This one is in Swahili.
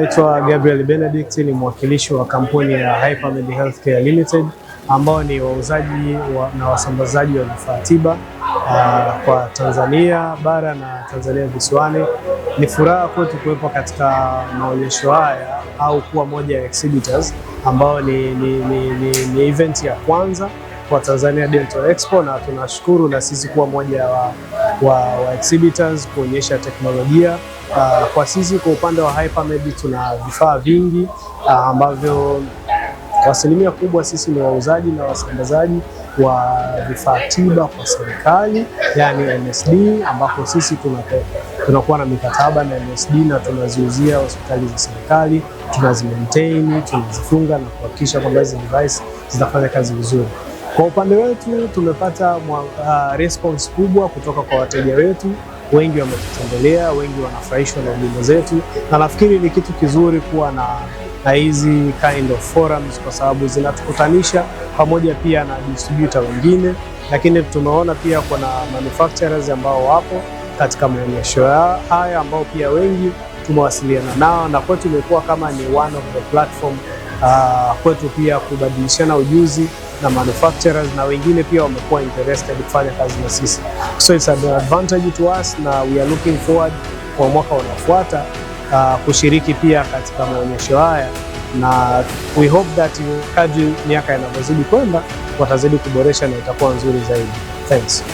Naitwa Gabriel Benedict, ni mwakilishi wa kampuni ya Hypermed Healthcare Limited ambao ni wauzaji wa, na wasambazaji wa vifaa tiba ah, kwa Tanzania bara na Tanzania visiwani. Ni furaha kwetu kuwepo katika maonyesho haya au kuwa moja ya exhibitors ambao ni, ni, ni, ni, ni event ya kwanza kwa Tanzania Dental Expo, na tunashukuru na sisi kuwa moja wa, wa, wa exhibitors kuonyesha teknolojia uh, kwa sisi kwa upande wa Hypermed tuna vifaa vingi uh, ambavyo asilimia kubwa sisi ni wauzaji na wasambazaji wa vifaa tiba kwa serikali, yani MSD, ambapo sisi tunakuwa na mikataba na MSD na tunaziuzia hospitali za serikali, tunazimaintain, tunazifunga na kuhakikisha kwamba hizi device zinafanya kazi vizuri. Kwa upande wetu tumepata uh, response kubwa kutoka kwa wateja wetu, wengi wametutembelea, wengi wanafurahishwa na huduma zetu, na nafikiri ni kitu kizuri kuwa na na hizi kind of forums kwa sababu zinatukutanisha pamoja pia na distributor wengine, lakini tumeona pia kuna manufacturers ambao wapo katika maonyesho haya ambao pia wengi tumewasiliana nao, na kwetu imekuwa kama ni one of the platform uh, kwetu pia kubadilishana ujuzi na manufacturers na wengine pia wamekuwa interested kufanya kazi na sisi, so it's an advantage to us na we are looking forward kwa mwaka unaofuata uh, kushiriki pia katika maonyesho haya na we hope that kadri miaka inavyozidi kwenda watazidi kuboresha na itakuwa nzuri zaidi. Thanks.